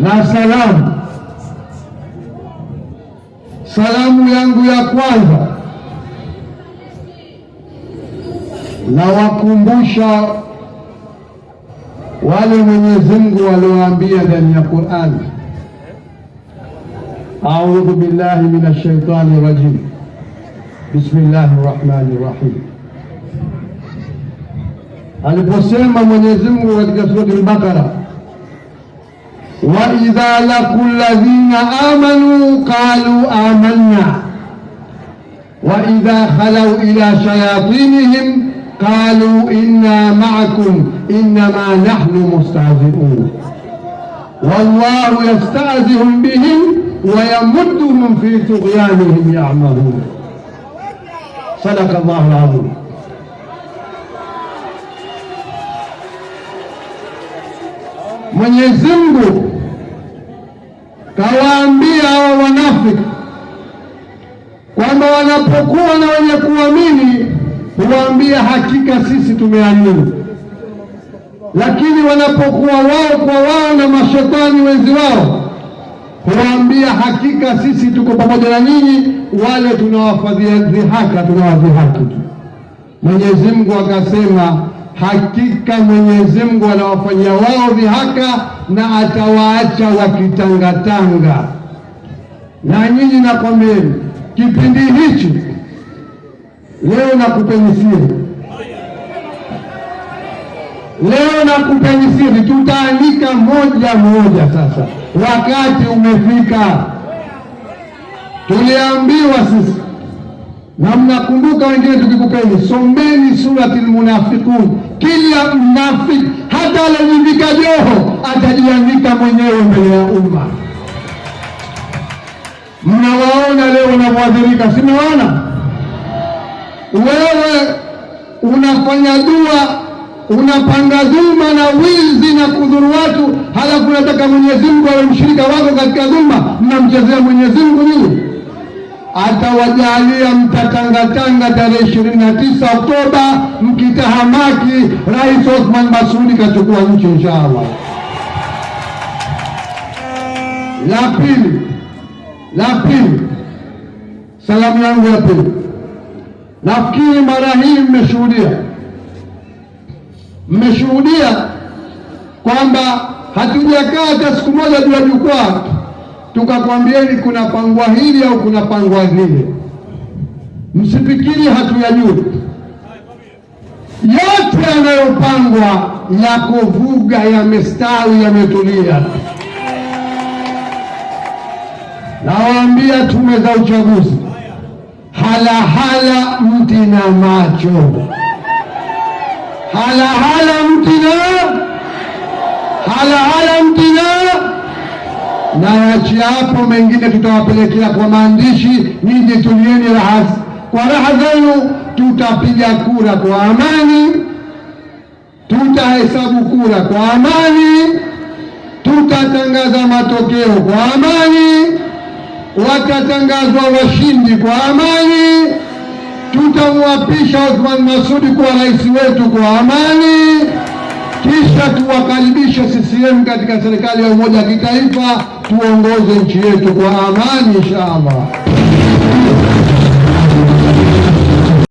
na salamu. Salamu yangu ya kwanza nawakumbusha wale Mwenyezi Mungu walioambia ndani ya Qur'ani, audhu billahi minash shaitani rajim, bismillahi rahmani rahim, aliposema Mwenyezi Mungu katika sura al-Baqara وإذا لقوا الذين آمنوا قالوا آمنا وإذا خلوا إلى شياطينهم قالوا إنا معكم إنما نحن مستهزئون والله يستهزئ بهم ويمدهم في طغيانهم يعمهون صدق الله العظيم Mwenyezi Mungu kawaambia hao wanafiki kwamba wanapokuwa na wenye kuamini huwaambia hakika sisi tumeamini, lakini wanapokuwa wao kwa wao na mashetani wenzi wao huwaambia hakika sisi tuko pamoja na nyinyi, wale tunawafadhia dhihaka tunawadhihaki. Mwenyezi Mungu akasema hakika Mwenyezi Mungu anawafanyia wao vihaka na atawaacha wakitangatanga. Na nyinyi nakwambieni, kipindi hichi leo nakupeni siri, leo nakupeni siri, tutaandika moja moja. Sasa wakati umefika, tuliambiwa sisi na mnakumbuka wengine tukikupeni, sombeni surati Almunafiqun. Kila mnafiki hata alojivika joho atajiandika mwenyewe mbele ya umma. Mnawaona leo si mnaona? Wewe unafanya dua, unapanga dhuma na wizi na kudhuru watu, halafu unataka Mwenyezi Mungu awe mshirika wako katika dhuma. Mnamchezea Mwenyezi Mungu nini? atawajalia mtatangatanga tarehe ishirini na tisa Oktoba mkitahamaki, Rais Othman Masudi kachukua nchi inshaallah. La pili, la pili, salamu yangu ya pili, nafikiri mara hii mmeshuhudia, mmeshuhudia kwamba hatujakaa hata siku moja juu ya jukwaa tukakwambieni kuna pangwa hili au kuna pangwa lile, msifikiri hatuyajui. Yote yanayopangwa ya kuvuga yamestawi, yametulia. Nawaambia tume za uchaguzi, halahala mti na macho, halahala mti na halahala mti na na yachiapo mengine tutawapelekea kwa maandishi. Nyinyi tulieni raha kwa raha zenu, tutapiga kura kwa amani, tutahesabu kura kwa amani, tutatangaza matokeo kwa amani, watatangazwa washindi kwa amani, tutamwapisha Othman Masudi kuwa rais wetu kwa amani kisha tuwakaribishe CCM katika serikali ya umoja wa kitaifa tuongoze nchi yetu kwa amani insha Allah.